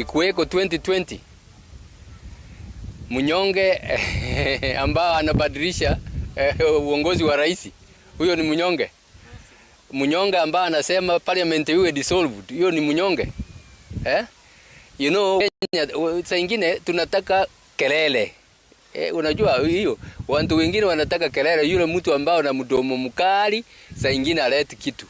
ulikuweko 2020 mnyonge eh, ambao anabadilisha eh, uongozi wa rais, huyo ni mnyonge. Mnyonge ambaye anasema parliament iwe dissolved, hiyo ni mnyonge eh? You know, saa ingine tunataka kelele eh, unajua hiyo, watu wengine wanataka kelele. Yule mtu ambao na mdomo mkali, saa ingine alete kitu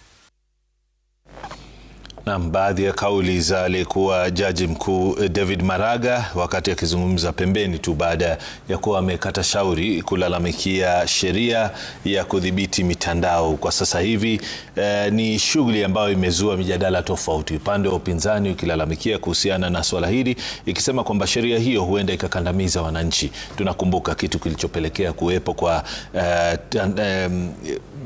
na baadhi ya kauli za aliyekuwa jaji mkuu David Maraga wakati akizungumza pembeni tu baada ya kuwa amekata shauri kulalamikia sheria ya kudhibiti mitandao kwa sasa hivi. Eh, ni shughuli ambayo imezua mijadala tofauti, upande wa upinzani ukilalamikia kuhusiana na swala hili, ikisema kwamba sheria hiyo huenda ikakandamiza wananchi. Tunakumbuka kitu kilichopelekea kuwepo kwa eh, tan, eh,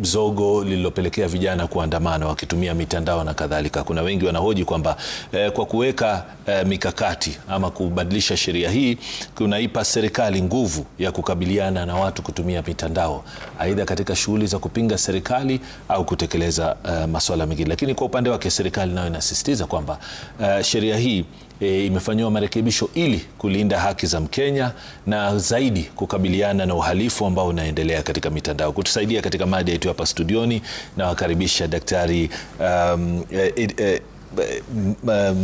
zogo lililopelekea vijana kuandamana wakitumia mitandao na kadhalika. Kuna wengi wanahoji kwamba eh, kwa kuweka eh, mikakati ama kubadilisha sheria hii kunaipa serikali nguvu ya kukabiliana na watu kutumia mitandao, aidha katika shughuli za kupinga serikali au kutekeleza eh, masuala mengine. Lakini kwa upande wake serikali nayo inasisitiza kwamba eh, sheria hii e, imefanyiwa marekebisho ili kulinda haki za Mkenya na zaidi kukabiliana na uhalifu ambao unaendelea katika mitandao. Kutusaidia katika mada yetu hapa studioni nawakaribisha Daktari um, e, e, um, e,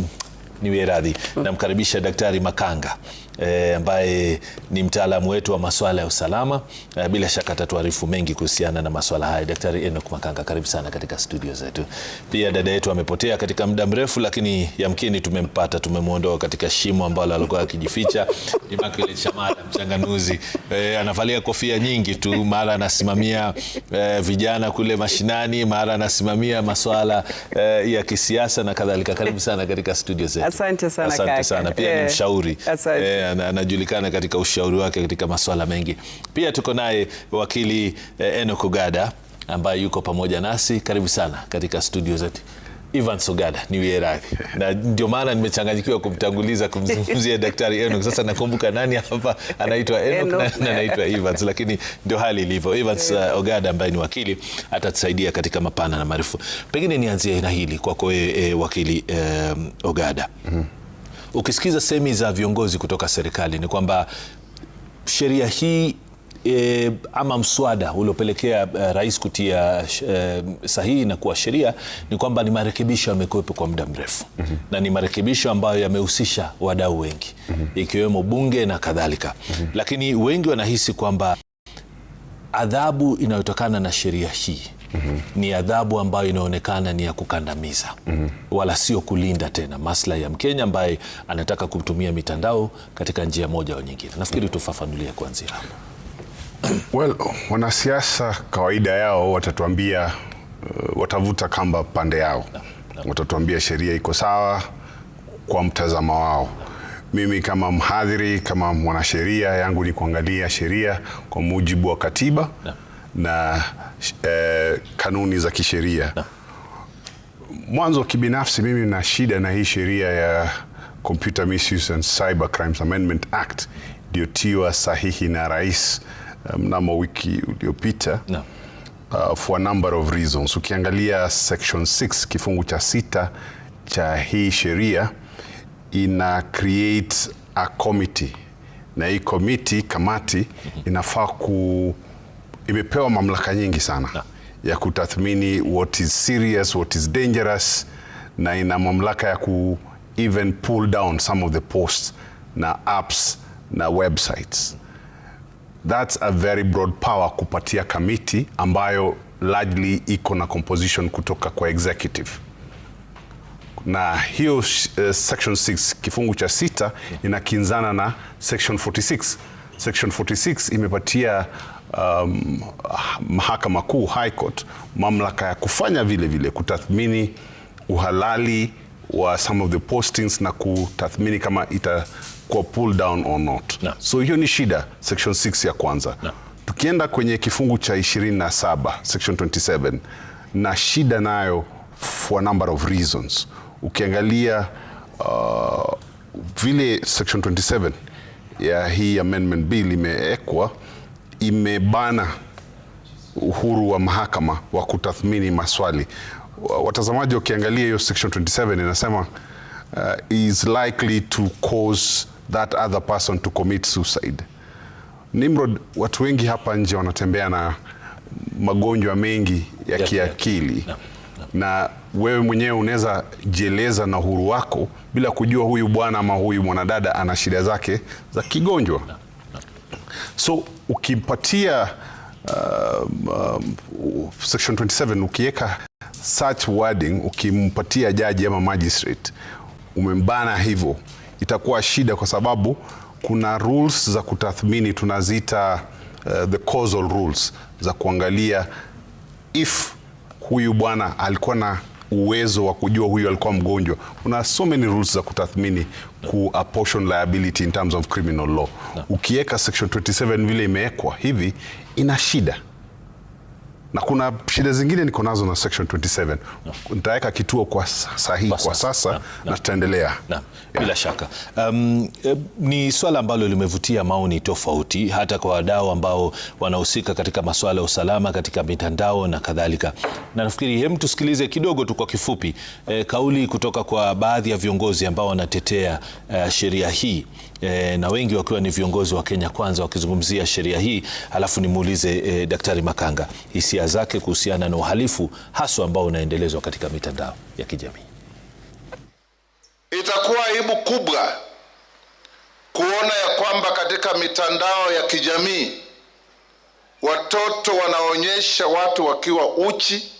niwe radhi, namkaribisha Daktari Makanga e, ambaye ni mtaalamu wetu wa masuala ya usalama e, bila shaka atatuarifu mengi kuhusiana na masuala haya. Daktari Enoch Makanga, karibu sana katika studio zetu. Pia dada yetu amepotea katika muda mrefu, lakini yamkini tumempata, tumemwondoa katika shimo ambalo alikuwa akijificha. Immaculate Shamala, mchanganuzi e, anavalia kofia nyingi tu, mara anasimamia e, vijana kule mashinani, mara anasimamia masuala e, ya kisiasa na kadhalika. Karibu sana katika studio zetu. Asante sana, asante sana. Pia e, ni eh, mshauri asante. e, anajulikana katika ushauri wake katika masuala mengi. Pia tuko naye wakili eh, Enock Ogada ambaye yuko pamoja nasi. Karibu sana katika studio zetu. Ivan Ogada ni radhi, na ndio maana nimechanganyikiwa kumtanguliza kumzungumzia Daktari Enock. Sasa nakumbuka nani hapa anaitwa Enock na anaitwa Evans, lakini ndio hali ilivyo. Evans uh, Ogada ambaye ni wakili atatusaidia katika mapana na marefu. Pengine nianzie na hili kwako wewe, eh, wakili eh, Ogada mm -hmm ukisikiza sehemu za viongozi kutoka serikali ni kwamba sheria hii E, ama mswada uliopelekea uh, rais kutia uh, sahihi na kuwa sheria ni kwamba ni marekebisho yamekuwepo kwa muda mrefu mm -hmm. na ni marekebisho ambayo yamehusisha wadau wengi mm -hmm. ikiwemo bunge na kadhalika mm -hmm. lakini wengi wanahisi kwamba adhabu inayotokana na sheria hii -hmm. ni adhabu ambayo inaonekana ni ya kukandamiza mm -hmm. wala sio kulinda tena maslahi ya Mkenya ambaye anataka kutumia mitandao katika njia moja au nyingine. Nafikiri tufafanulie kuanzia hapo. Well, wanasiasa kawaida yao watatuambia, uh, watavuta kamba pande yao no, no. Watatuambia sheria iko sawa kwa mtazamo wao no. Mimi kama mhadhiri, kama mwanasheria, yangu ni kuangalia sheria kwa mujibu wa katiba no na eh, kanuni za kisheria no. Mwanzo kibinafsi, mimi na shida na hii sheria ya Computer Misuse and Cyber Crimes Amendment Act iliyotiwa sahihi na rais eh, mnamo um, wiki uliopita no. Uh, for a number of reasons. Ukiangalia section 6 kifungu cha sita cha hii sheria ina create a committee na hii committee kamati mhm. inafaa ku imepewa mamlaka nyingi sana na ya kutathmini what is serious, what is dangerous na ina mamlaka ya ku even pull down some of the posts na apps na websites. That's a very broad power kupatia kamiti ambayo largely iko na composition kutoka kwa executive na hiyo uh, section 6 kifungu cha sita inakinzana na section 46. Section 46 imepatia um, mahakama kuu High Court mamlaka ya kufanya vile vile kutathmini uhalali wa some of the postings na kutathmini kama itakuwa pull down or not na. So hiyo ni shida section 6 ya kwanza na. Tukienda kwenye kifungu cha 27 section 27 na shida nayo for a number of reasons ukiangalia uh, vile section 27 ya hii amendment bill imeekwa imebana uhuru wa mahakama wa kutathmini maswali. Watazamaji wakiangalia hiyo section 27 inasema uh, is likely to cause that other person to commit suicide. Nimrod, watu wengi hapa nje wanatembea na magonjwa mengi ya kiakili na wewe mwenyewe unaweza jieleza na uhuru wako bila kujua huyu bwana ama huyu mwanadada ana shida zake za kigonjwa. So ukimpatia uh, um, um, section 27 ukiweka such wording, ukimpatia jaji ama magistrate umembana hivyo, itakuwa shida kwa sababu kuna rules za kutathmini tunaziita uh, the causal rules za kuangalia if huyu bwana alikuwa na uwezo wa kujua huyu alikuwa mgonjwa. Kuna so many rules za kutathmini ku apportion liability in terms of criminal law. Ukiweka section 27 vile imewekwa hivi, ina shida na kuna shida zingine niko nazo na section 27 no. kituo kwa sahihi kwa sasa no. na tutaendelea no. bila shaka um, e, ni swala ambalo limevutia maoni tofauti hata kwa wadau ambao wanahusika katika masuala ya usalama katika mitandao na kadhalika, na nafikiri hem, tusikilize kidogo tu kwa kifupi e, kauli kutoka kwa baadhi ya viongozi ambao wanatetea e, sheria hii e, na wengi wakiwa ni viongozi wa Kenya Kwanza wakizungumzia sheria hii, alafu nimuulize e, Daktari Makanga hisia sheria zake kuhusiana na uhalifu haswa ambao unaendelezwa katika mitandao ya kijamii. Itakuwa aibu kubwa kuona ya kwamba katika mitandao ya kijamii watoto wanaonyesha watu wakiwa uchi,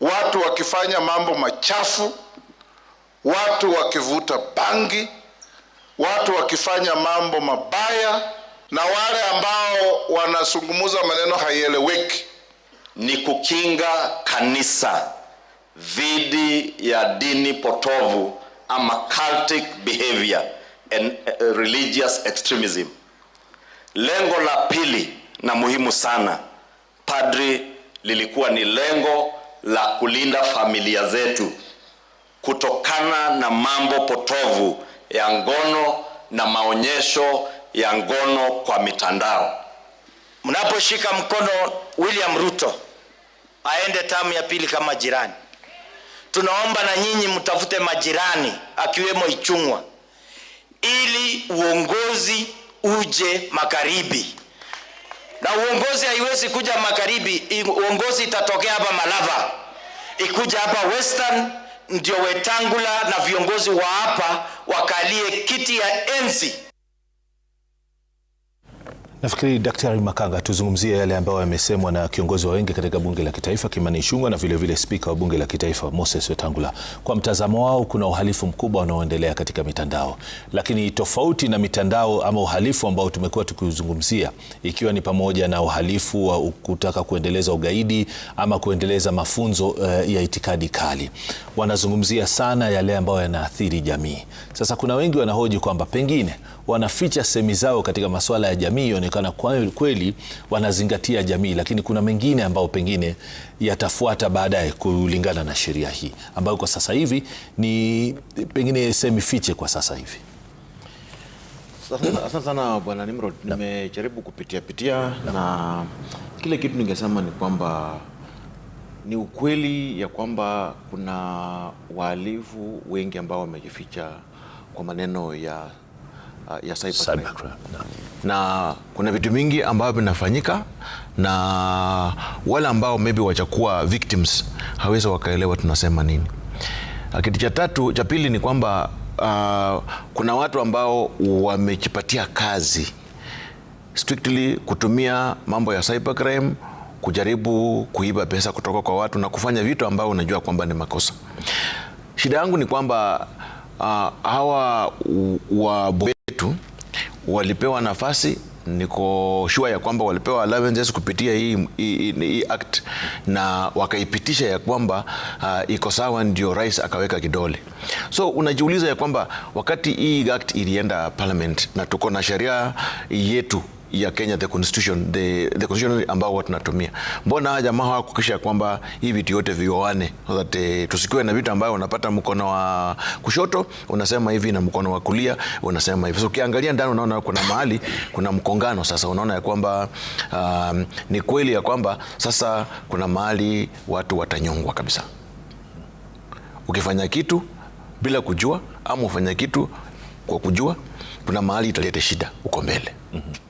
watu wakifanya mambo machafu, watu wakivuta bangi, watu wakifanya mambo mabaya na wale ambao wanazungumza maneno haieleweki ni kukinga kanisa dhidi ya dini potovu ama cultic behavior and eh, religious extremism. Lengo la pili na muhimu sana, padri, lilikuwa ni lengo la kulinda familia zetu kutokana na mambo potovu ya ngono na maonyesho ya ngono kwa mitandao. Mnaposhika mkono William Ruto aende tamu ya pili kama jirani. Tunaomba na nyinyi mtafute majirani akiwemo Ichung'wa ili uongozi uje magharibi, na uongozi haiwezi kuja magharibi. Uongozi itatokea hapa Malava, ikuja hapa Western, ndio Wetangula na viongozi wa hapa wakalie kiti ya enzi. Nafikiri Daktari Makanga, tuzungumzie yale ambayo yamesemwa na kiongozi wa wengi katika bunge la kitaifa Kimani Ichung'wah na vilevile spika wa bunge la kitaifa Moses Wetangula. Kwa mtazamo wao, kuna uhalifu mkubwa unaoendelea katika mitandao, lakini tofauti na mitandao ama uhalifu ambao tumekuwa tukiuzungumzia, ikiwa ni pamoja na uhalifu wa kutaka kuendeleza ugaidi ama kuendeleza mafunzo uh, ya itikadi kali, wanazungumzia sana yale ambayo yanaathiri jamii. Sasa kuna wengi wanahoji kwamba pengine wanaficha semi zao katika masuala ya jamii yaonekana kweli wanazingatia jamii, lakini kuna mengine ambayo pengine yatafuata baadaye kulingana na sheria hii ambayo kwa sasa hivi ni pengine semi fiche kwa sasa hivi. Asante sana Bwana Nimrod, nimejaribu kupitia pitia na, na kile kitu ningesema ni kwamba ni ukweli ya kwamba kuna wahalifu wengi ambao wamejificha kwa maneno ya Ah, ya cyber cyber crime. Na. Na kuna vitu mingi ambavyo vinafanyika na wale ambao maybe wachakuwa victims hawezi wakaelewa tunasema nini. Ah, kitu cha tatu cha pili ni kwamba uh, kuna watu ambao wamejipatia kazi strictly kutumia mambo ya cybercrime kujaribu kuiba pesa kutoka kwa watu na kufanya vitu ambao unajua kwamba ni makosa. Shida yangu ni kwamba uh, hawa wa yetu walipewa nafasi niko shua ya kwamba walipewa allowances kupitia hii, hii, hii act na wakaipitisha ya kwamba uh, iko sawa, ndio rais akaweka kidole. So unajiuliza ya kwamba wakati hii act ilienda parliament na tuko na sheria yetu ya Kenya the constitution the, the constitution ambao watu natumia. Mbona jamaa hawakuhakikisha kwamba hii vitu yote vioane, so that uh, eh, tusikiwe na vitu ambayo unapata mkono wa kushoto unasema hivi na mkono wa kulia unasema hivi. So ukiangalia ndani unaona kuna mahali kuna mkongano. Sasa unaona ya kwamba um, ni kweli ya kwamba sasa kuna mahali watu watanyongwa kabisa, ukifanya kitu bila kujua ama ufanya kitu kwa kujua, kuna mahali italeta shida uko mbele. mm -hmm.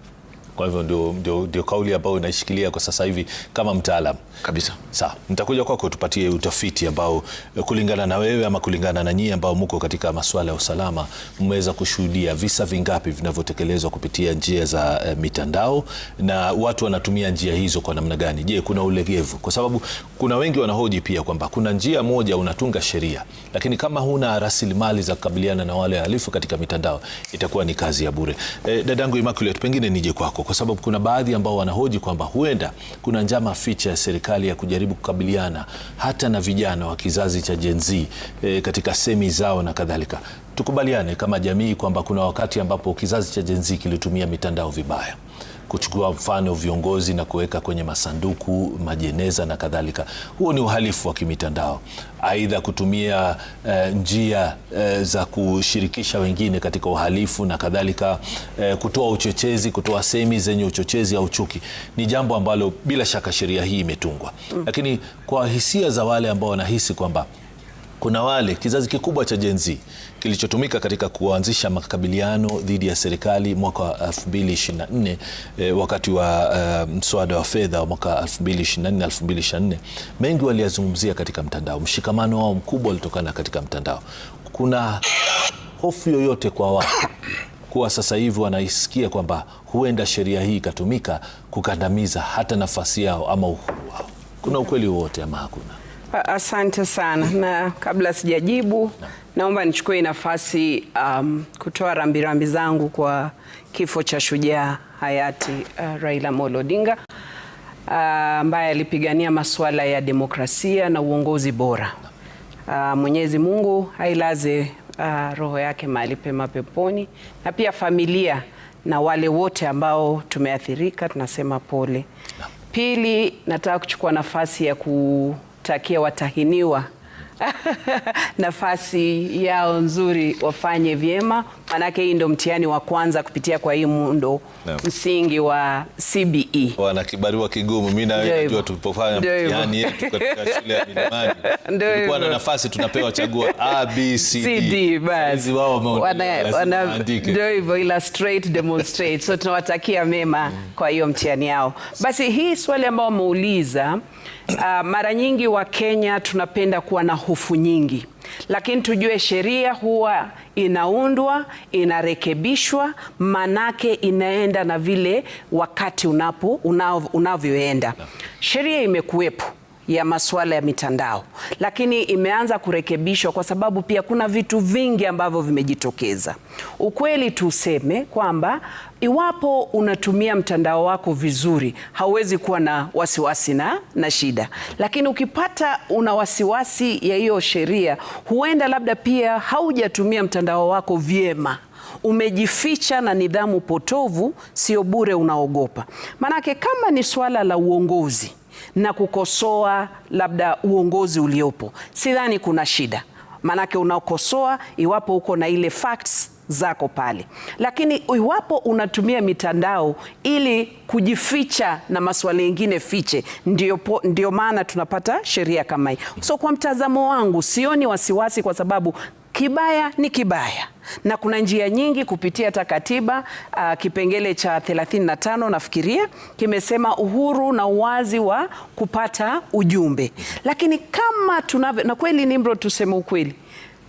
Kwa hivyo ndio, ndio, ndio kauli ambayo unaishikilia kwa sasa hivi kama mtaalam kabisa. Sawa, nitakuja kwako tupatie utafiti ambao eh, kulingana na wewe ama kulingana na nyie ambao mko katika masuala ya usalama, mmeweza kushuhudia visa vingapi vinavyotekelezwa kupitia njia za e, mitandao na watu wanatumia njia hizo kwa namna gani? Je, kuna ulegevu? Kwa sababu kuna wengi wanahoji pia kwamba kuna njia moja unatunga sheria, lakini kama huna rasilimali za kukabiliana na wale halifu katika mitandao itakuwa ni kazi ya bure. E, dadangu Immaculate, pengine nije kwako kwa sababu kuna baadhi ambao wanahoji kwamba huenda kuna njama ficha ya serikali ya kujaribu kukabiliana hata na vijana wa kizazi cha Gen Z e, katika semi zao na kadhalika. Tukubaliane kama jamii kwamba kuna wakati ambapo kizazi cha Gen Z kilitumia mitandao vibaya kuchukua mfano viongozi na kuweka kwenye masanduku, majeneza na kadhalika. Huo ni uhalifu wa kimitandao. Aidha, kutumia e, njia e, za kushirikisha wengine katika uhalifu na kadhalika, e, kutoa uchochezi, kutoa semi zenye uchochezi au chuki ni jambo ambalo bila shaka sheria hii imetungwa, mm. lakini kwa hisia za wale ambao wanahisi kwamba kuna wale kizazi kikubwa cha Gen Z kilichotumika katika kuanzisha makabiliano dhidi ya serikali mwaka 2024 e, eh, wakati wa e, mswada wa fedha wa mwaka 2024 2024, mengi waliyazungumzia katika mtandao. Mshikamano wao mkubwa ulitokana katika mtandao. Kuna hofu yoyote kwa wao kuwa sasa hivi wanaisikia kwamba huenda sheria hii ikatumika kukandamiza hata nafasi yao ama uhuru wao? Kuna ukweli wowote ama hakuna? Asante sana, na kabla sijajibu, naomba nichukue nafasi um, kutoa rambirambi zangu kwa kifo cha shujaa hayati uh, Raila Amolo Odinga uh, ambaye uh, alipigania masuala ya demokrasia na uongozi bora. Uh, Mwenyezi Mungu ailaze uh, roho yake mahali pema peponi, na pia familia na wale wote ambao tumeathirika, tunasema pole. Pili, nataka kuchukua nafasi ya ku kutakia watahiniwa nafasi yao nzuri, wafanye vyema. Manake hii ndo mtihani wa kwanza kupitia kwa hii muundo yeah, msingi wa CBE. Wana kibarua kigumu. Mimi na wewe najua tulipofanya mtihani yetu katika shule ya Milimani Ndio. tulikuwa na nafasi tunapewa chaguo A B C D, basi wao wanaandika ndio hivyo, illustrate demonstrate. So tunawatakia mema kwa hiyo mtihani yao. Basi hii swali ambayo wameuliza, uh, mara nyingi wa Kenya tunapenda kuwa na hofu nyingi lakini tujue sheria huwa inaundwa, inarekebishwa, manake inaenda na vile wakati unapo unavyoenda. Sheria imekuwepo ya masuala ya mitandao, lakini imeanza kurekebishwa kwa sababu pia kuna vitu vingi ambavyo vimejitokeza. Ukweli tuseme kwamba iwapo unatumia mtandao wako vizuri, hauwezi kuwa na wasiwasi na, na shida, lakini ukipata una wasiwasi ya hiyo sheria, huenda labda pia haujatumia mtandao wako vyema umejificha na nidhamu potovu, sio bure unaogopa. Manake kama ni swala la uongozi, na kukosoa labda uongozi uliopo, sidhani kuna shida, maanake unakosoa iwapo uko na ile facts zako pale, lakini iwapo unatumia mitandao ili kujificha na masuala mengine fiche, ndio, ndio maana tunapata sheria kama hii. So kwa mtazamo wangu sioni wasiwasi, kwa sababu kibaya ni kibaya na kuna njia nyingi kupitia hata katiba. Uh, kipengele cha 35 nafikiria kimesema uhuru na uwazi wa kupata ujumbe, lakini kama tunavyo na kweli, Nimrod, tuseme ukweli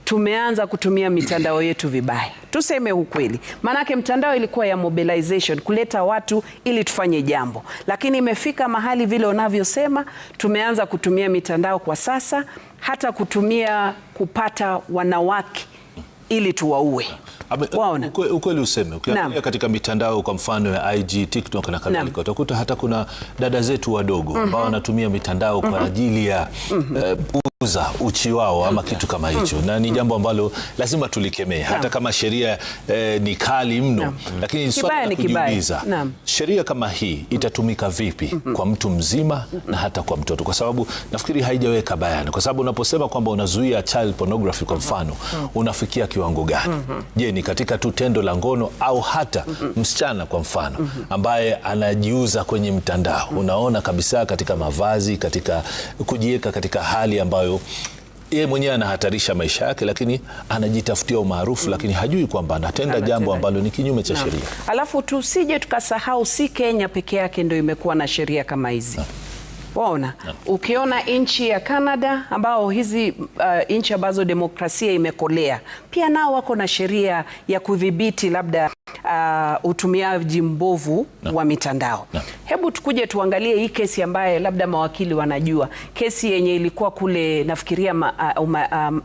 tumeanza kutumia mitandao yetu vibaya, tuseme ukweli. Maanake mtandao ilikuwa ya mobilization, kuleta watu ili tufanye jambo, lakini imefika mahali vile unavyosema, tumeanza kutumia mitandao kwa sasa, hata kutumia kupata wanawake ili tuwaue. Ukweli useme, ukiangalia katika mitandao kwa mfano ya IG, TikTok na kadhalika, utakuta hata kuna dada zetu wadogo mhm. ambao mm -hmm. wanatumia mitandao kwa mhm. ajili ya mm -hmm. uh, za uchi wao ama kitu kama hmm. hicho mm. na ni hmm. jambo ambalo lazima tulikemee hata kama sheria eh, ni kali mno Naam. lakini swali la kujiuliza sheria kama hii hmm. itatumika vipi mm kwa mtu mzima mm na hata kwa mtoto, kwa sababu nafikiri haijaweka bayana, kwa sababu unaposema kwamba unazuia child pornography kwa mfano mm unafikia kiwango gani? mm -hmm. Je, ni katika tu tendo la ngono au hata mm -hmm. msichana kwa mfano mm -hmm. ambaye anajiuza kwenye mtandao mm -hmm. unaona kabisa katika mavazi, katika kujiweka katika hali ambayo ambayo yeye mwenyewe anahatarisha maisha yake, lakini anajitafutia umaarufu mm. Lakini hajui kwamba anatenda jambo ambalo ni kinyume cha sheria. Alafu tusije tukasahau, si Kenya peke yake ndio imekuwa na sheria kama hizi waona no. Ukiona nchi ya Canada ambao hizi uh, nchi ambazo demokrasia imekolea pia nao wako na sheria ya kudhibiti labda uh, utumiaji mbovu no. wa mitandao no. Hebu tukuje tuangalie hii kesi ambaye labda mawakili wanajua, kesi yenye ilikuwa kule nafikiria ma, uh, uh,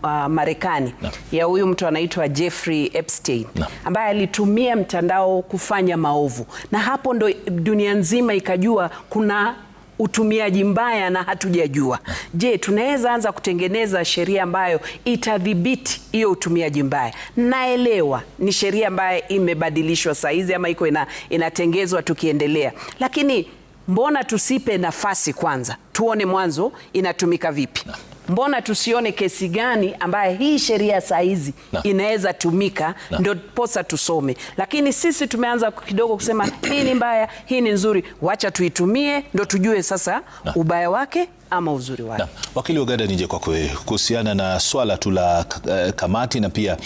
uh, Marekani no. ya huyu mtu anaitwa Jeffrey Epstein no. ambaye alitumia mtandao kufanya maovu, na hapo ndo dunia nzima ikajua kuna utumiaji mbaya na hatujajua. Je, tunaweza anza kutengeneza sheria ambayo itadhibiti hiyo utumiaji mbaya? Naelewa ni sheria ambayo imebadilishwa saizi ama iko ina, inatengezwa tukiendelea, lakini mbona tusipe nafasi kwanza tuone mwanzo inatumika vipi? mbona tusione kesi gani ambaye hii sheria saa hizi inaweza tumika, ndio posa tusome. Lakini sisi tumeanza kidogo kusema hii ni mbaya, hii ni nzuri, wacha tuitumie, ndio tujue sasa na ubaya wake ama uzuri wake. wakili Uganda, nije kwako wewe kuhusiana na swala tu la eh, kamati na pia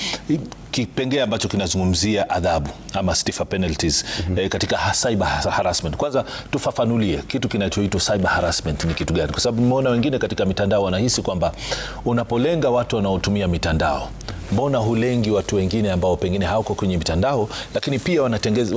kipengee ambacho kinazungumzia adhabu ama stiffer penalties mm -hmm. E, katika cyber harassment, kwanza tufafanulie kitu kinachoitwa cyber harassment ni kitu gani, kwa sababu nimeona wengine katika mitandao wanahisi kwamba unapolenga watu wanaotumia mitandao mbona hulengi watu wengine ambao pengine hawako kwenye mitandao, lakini pia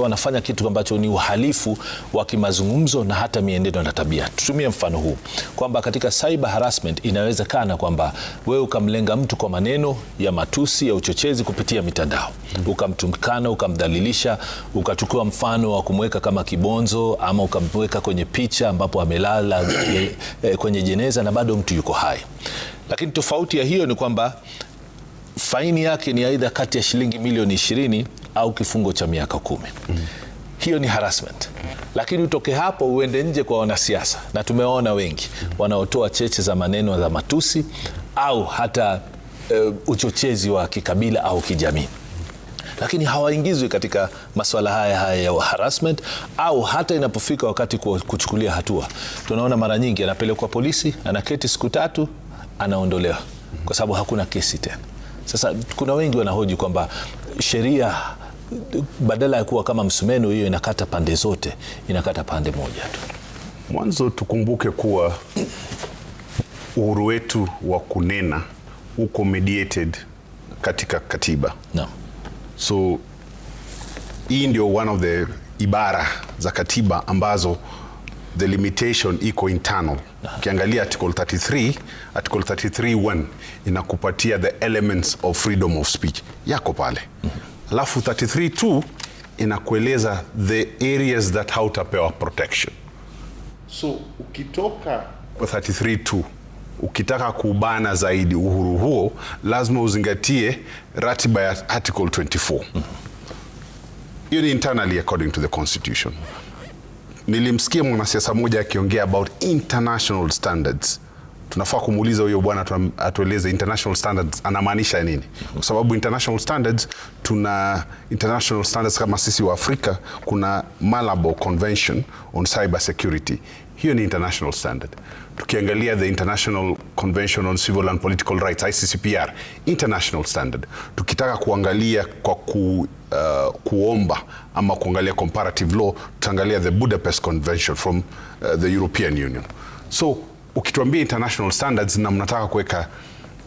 wanafanya kitu ambacho ni uhalifu wa kimazungumzo na hata mienendo na tabia? Tutumie mfano huu kwamba katika cyber harassment inawezekana kwamba wewe ukamlenga mtu kwa maneno ya matusi ya uchochezi kupitia mitandao, ukamtukana, ukamdhalilisha, ukachukua mfano wa kumweka kama kibonzo ama ukamweka kwenye picha ambapo amelala eh, kwenye jeneza na bado mtu yuko hai. Lakini tofauti ya hiyo ni kwamba faini yake ni aidha kati ya shilingi milioni ishirini au kifungo cha miaka kumi. mm -hmm. Hiyo ni harassment. Lakini utoke hapo uende nje kwa wanasiasa, na tumewaona wengi wanaotoa cheche za maneno za matusi au hata uh, uchochezi wa kikabila au kijamii lakini hawaingizwi katika masuala haya haya ya harassment au hata inapofika wakati kuchukulia hatua, tunaona mara nyingi anapelekwa polisi, anaketi siku tatu, anaondolewa kwa sababu hakuna kesi tena. Sasa kuna wengi wanahoji kwamba sheria badala ya kuwa kama msumeno, hiyo inakata pande zote, inakata pande moja tu. Mwanzo tukumbuke kuwa uhuru wetu wa kunena uko mediated katika katiba no. So hii ndio one of the ibara za katiba ambazo the limitation iko internal Ukiangalia article 33, article 33.1 inakupatia the elements of freedom of speech yako pale, alafu 33.2 inakueleza the areas that hautapewa protection. So ukitoka 33.2 ukitaka kubana zaidi uhuru huo lazima uzingatie ratiba ya article 24. Hiyo ni internally according to the constitution nilimsikia mwanasiasa mmoja akiongea about international standards. Tunafaa kumuuliza huyo bwana atueleze international standards anamaanisha nini, kwa sababu international standards tuna international standards kama sisi wa Afrika, kuna Malabo Convention on Cyber Security. Hiyo ni international standard tukiangalia the International Convention on Civil and Political Rights ICCPR, international standard, tukitaka kuangalia kwa ku, uh, kuomba ama kuangalia comparative law tutaangalia the Budapest Convention from uh, the European Union. So ukituambia international standards na mnataka kuweka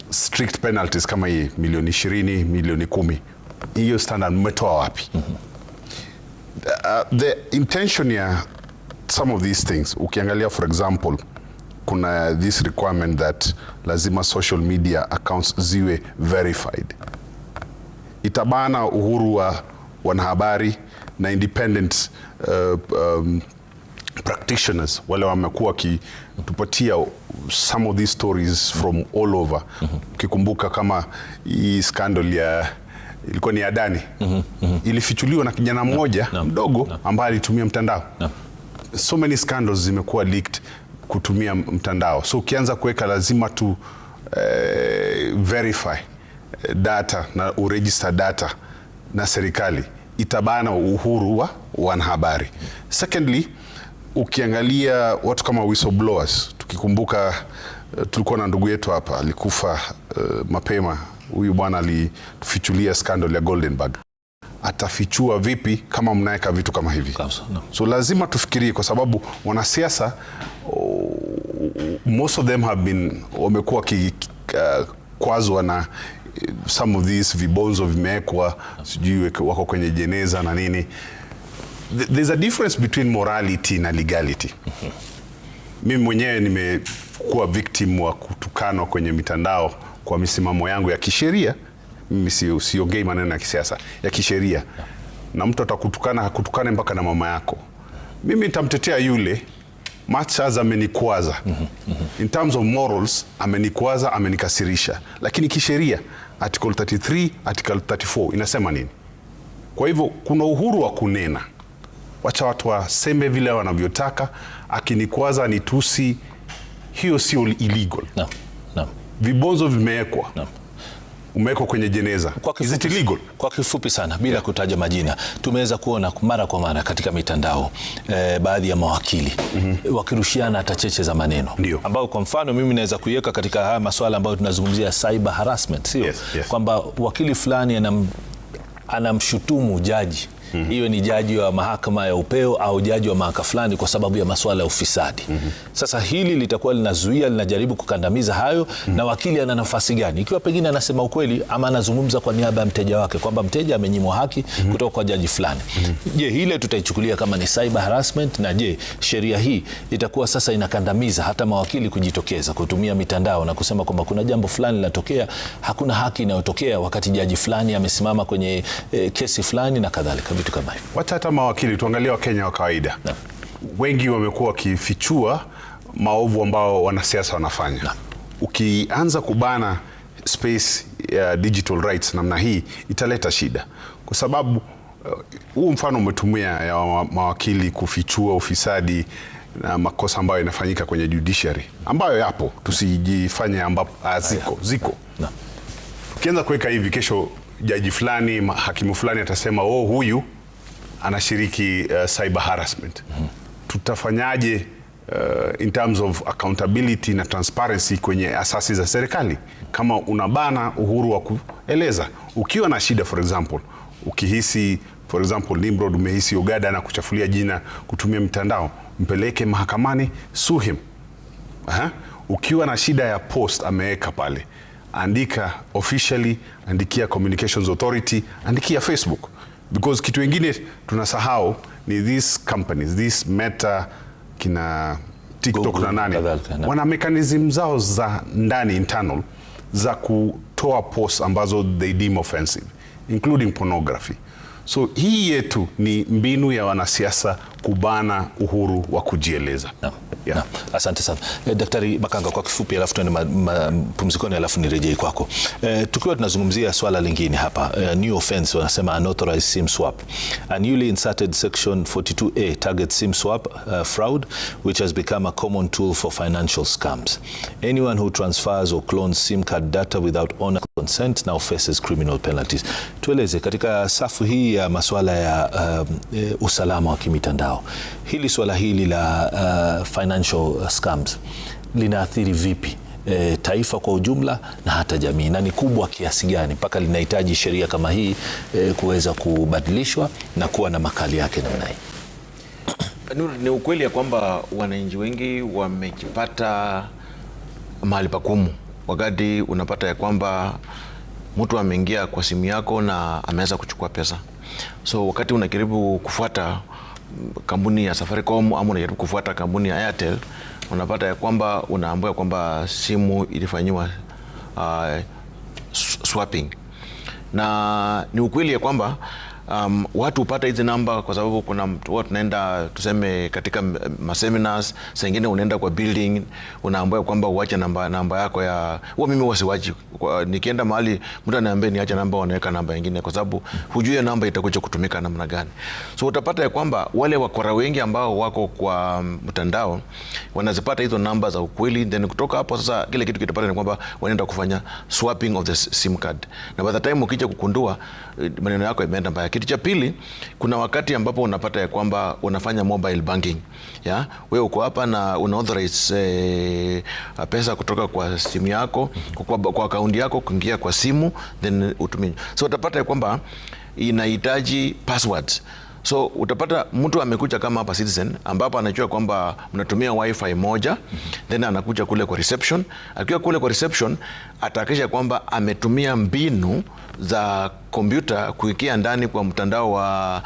strict penalties kama hii milioni 20, milioni kumi, hiyo standard mmetoa wapi? mm -hmm. Uh, the intention ya some of these things ukiangalia for example kuna this requirement that lazima social media accounts ziwe verified. Itabana uhuru wa wanahabari na independent uh, um, practitioners wale wamekuwa wakitupatia some of these stories from all over ukikumbuka, mm -hmm. kama hii scandal ya ilikuwa ni Adani mm -hmm. mm -hmm. ilifichuliwa na kijana mmoja no. mdogo no. ambaye alitumia mtandao no. so many scandals zimekuwa leaked kutumia mtandao. So ukianza kuweka lazima tu eh, verify eh, data na uregister data na serikali itabana uhuru wa wanahabari. Secondly, ukiangalia watu kama whistleblowers, tukikumbuka eh, tulikuwa na ndugu yetu hapa alikufa uh, mapema. Huyu bwana alifichulia scandal ya Goldenberg. Atafichua vipi kama mnaweka vitu kama hivi? So lazima tufikirie, kwa sababu wanasiasa most of them have been wamekuwa wakikwazwa uh, na eh, some of these vibonzo vimewekwa sijui wako kwenye jeneza na nini. There's a difference between morality na legality. Mm-hmm. Mimi mwenyewe nimekuwa victim wa kutukanwa kwenye mitandao kwa misimamo yangu ya kisheria. Mimi siongei maneno ya kisiasa, ya kisheria, na mtu atakutukana, hakutukane mpaka na mama yako. Mimi nitamtetea yule much as amenikwaza mm -hmm. in terms of morals amenikwaza, amenikasirisha, lakini kisheria article 33, article 34 inasema nini? Kwa hivyo kuna uhuru wa kunena, wacha watu waseme vile wanavyotaka. Akinikwaza ni tusi hiyo sio illegal no. No. Vibonzo vimewekwa no umewekwa kwenye jeneza. Kwa kifupi, Is it illegal? Kwa kifupi sana bila yeah, kutaja majina, tumeweza kuona mara kwa mara katika mitandao e, baadhi ya mawakili mm -hmm. wakirushiana hata cheche za maneno ambao kwa mfano mimi naweza kuiweka katika haya masuala ambayo tunazungumzia cyber harassment, sio yes, yes. kwamba wakili fulani anam, anamshutumu jaji mm hiyo -hmm. ni jaji wa mahakama ya upeo au jaji wa mahakama fulani kwa sababu ya masuala ya ufisadi mm -hmm. Sasa hili litakuwa linazuia, linajaribu kukandamiza hayo mm -hmm. na wakili ana nafasi gani ikiwa pengine anasema ukweli ama anazungumza kwa niaba ya mteja wake kwamba mteja amenyimwa haki mm -hmm. kutoka kwa jaji fulani mm -hmm. Je, hile tutaichukulia kama ni cyber harassment? Na je sheria hii itakuwa sasa inakandamiza hata mawakili kujitokeza kutumia mitandao na kusema kwamba kuna jambo fulani linatokea, hakuna haki inayotokea wakati jaji fulani amesimama kwenye e, kesi fulani na kadhalika vitu kama hivyo. Wacha hata mawakili, tuangalie wakenya wa kawaida na. Wengi wamekuwa wakifichua maovu ambao wanasiasa wanafanya na. Ukianza kubana space ya digital rights namna hii italeta shida kwa sababu uh, huu uh, mfano umetumia ya mawakili kufichua ufisadi na makosa ambayo inafanyika kwenye judiciary ambayo yapo, tusijifanye ambapo ah, ziko ziko. Tukianza kuweka hivi, kesho jaji fulani, hakimu fulani atasema oh, huyu anashiriki uh, cyber harassment mm -hmm. Tutafanyaje uh, in terms of accountability na transparency kwenye asasi za serikali, kama unabana uhuru wa kueleza ukiwa na shida, for example ukihisi for example Nimrod, umehisi ugada na kuchafulia jina kutumia mitandao, mpeleke mahakamani, suhim. Aha. Ukiwa na shida ya post ameweka pale, andika officially, andikia Communications Authority, andikia Facebook because kitu ingine tunasahau ni these companies, this Meta kina TikTok na nani wana mechanism zao za ndani internal za kutoa posts ambazo they deem offensive including pornography. So hii yetu ni mbinu ya wanasiasa kubana uhuru wa kujieleza. No, yeah. No. Asante sana eh, Daktari Makanga kwa kifupi, alafu tuende mapumzikoni, alafu nirejei kwako E, tukiwa tunazungumzia swala lingine hapa eh, new offense wanasema unauthorized SIM swap a newly inserted section 42A target SIM swap uh, fraud which has become a common tool for financial scams anyone who transfers or clones SIM card data without owner consent now faces criminal penalties. Tueleze katika safu hii ya masuala ya uh, eh, usalama wa kimitandao zao. Hili swala hili la uh, financial scams linaathiri vipi E, taifa kwa ujumla na hata jamii, na ni kubwa kiasi gani mpaka linahitaji sheria kama hii e, kuweza kubadilishwa na kuwa na makali yake namna hii? Nur, ni ukweli ya kwamba wananchi wengi wamejipata mahali pagumu, wakati unapata ya kwamba mtu ameingia kwa simu yako na ameweza kuchukua pesa, so wakati unajaribu kufuata kampuni ya Safaricom ama unajaribu kufuata kampuni ya Airtel, unapata ya kwamba unaambiwa kwamba simu ilifanyiwa uh, swapping na ni ukweli ya kwamba um, watu hupata hizi namba kwa sababu kuna huwa tunaenda tuseme katika uh, maseminars, saa ingine unaenda kwa building unaambia kwamba uache namba, namba yako ya huwa mimi huwa siwachi. Nikienda mahali mtu ananiambia niache namba, wanaweka namba nyingine kwa sababu hujui namba itakuja kutumika namna gani. So utapata ya kwamba wale wakora wengi ambao wako kwa um, mtandao wanazipata hizo namba za ukweli, then kutoka hapo sasa kile kitu kitapata ni kwamba wanaenda kufanya swapping of the sim card, na by the time ukija kukundua Eh, maneno yako yameenda mbaya. Kitu cha pili, kuna wakati ambapo unapata ya kwamba unafanya mobile banking ya wewe uko hapa na una authorize eh, pesa kutoka kwa simu yako kwa, kwa akaunti yako kuingia kwa simu then utumie, so utapata ya kwamba inahitaji passwords so utapata mtu amekuja kama hapa Citizen ambapo anajua kwamba mnatumia wifi moja mm -hmm. Then anakuja kule kwa reception. Akiwa kule kwa reception atahakikisha kwamba ametumia mbinu za kompyuta kuikia ndani kwa mtandao wa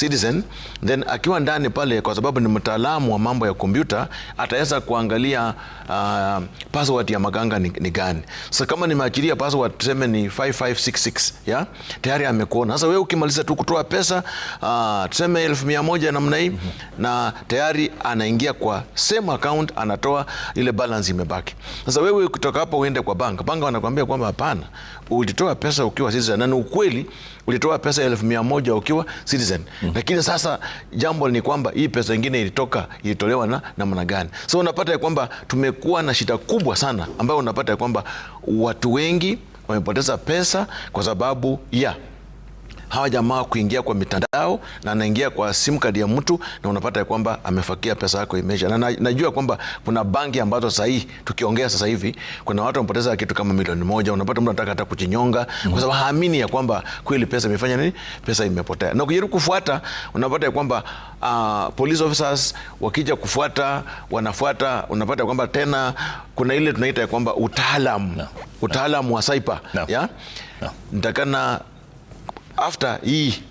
Citizen, then akiwa ndani pale, kwa sababu ni mtaalamu wa mambo ya kompyuta, ataweza kuangalia uh, password ya Maganga ni, ni gani. Sasa kama nimeachilia password tuseme ni 5566 ya tayari amekuona. Sasa wewe ukimaliza tu kutoa pesa uh, tuseme elfu mia moja namna hii mm -hmm. na tayari anaingia kwa same account, anatoa ile balance imebaki. Sasa wewe kutoka hapo uende kwa bank, bank wanakuambia kwamba hapana, ulitoa pesa ukiwa citizen na ni ukweli ulitoa pesa elfu mia moja ukiwa citizen mm. Lakini sasa jambo ni kwamba hii pesa ingine ilitoka ilitolewa na namna gani? So unapata ya kwamba tumekuwa na shida kubwa sana ambayo unapata ya kwamba watu wengi wamepoteza pesa kwa sababu ya hawa jamaa kuingia kwa mitandao na anaingia kwa simu kadi ya mtu na unapata ya kwamba amefakia pesa yako imeisha. Na najua kwamba kuna banki ambazo sasa hii tukiongea sasa hivi kuna watu wamepoteza kitu kama milioni moja, unapata mtu anataka hata kujinyonga kwa mm-hmm. sababu haamini ya kwamba kweli pesa imefanya nini, pesa imepotea. Na ukijaribu kufuata unapata ya kwamba uh, police officers wakija kufuata wanafuata, unapata ya kwamba tena kuna ile tunaita ya kwamba utaalamu no. utaalamu wa cyber no. ya no. nitakana after hii e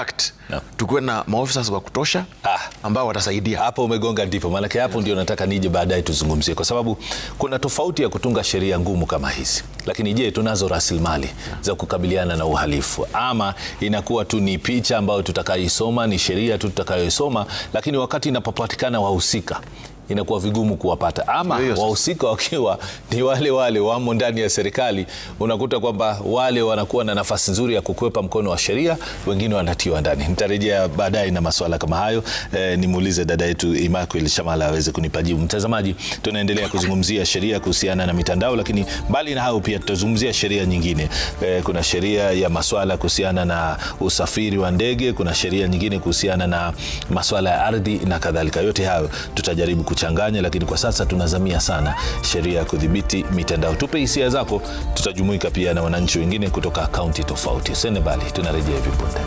act no. tukuwe na maofisa wa kutosha ah, ambao watasaidia hapo. Umegonga ndipo, maanake hapo ndio nataka nije baadaye tuzungumzie, kwa sababu kuna tofauti ya kutunga sheria ngumu kama hizi, lakini je, tunazo rasilimali za kukabiliana na uhalifu ama inakuwa tu ni picha ambayo tutakaisoma, ni sheria tu tutakayoisoma, lakini wakati inapopatikana wahusika inakuwa vigumu kuwapata, ama wahusika wakiwa ni wale wale wamo ndani ya serikali, unakuta kwamba wale wanakuwa na nafasi nzuri ya kukwepa mkono wa sheria, wengine wanatiwa ndani. Nitarejea baadaye na masuala kama hayo. E, nimuulize dada yetu Emmanuel Shamala aweze kunipa jibu. Mtazamaji, tunaendelea kuzungumzia sheria kuhusiana na mitandao, lakini mbali na hayo pia tutazungumzia sheria nyingine. E, kuna sheria ya masuala kuhusiana na usafiri wa ndege, kuna sheria nyingine kuhusiana na masuala ya ardhi na kadhalika. Yote hayo tutajaribu kuchanganya, lakini kwa sasa tunazamia sana sheria ya kudhibiti mitandao. Tupe hisia zako, tutajumuika pia na wananchi wengine kutoka kaunti tofauti. Usende mbali, tunarejea hivi punde.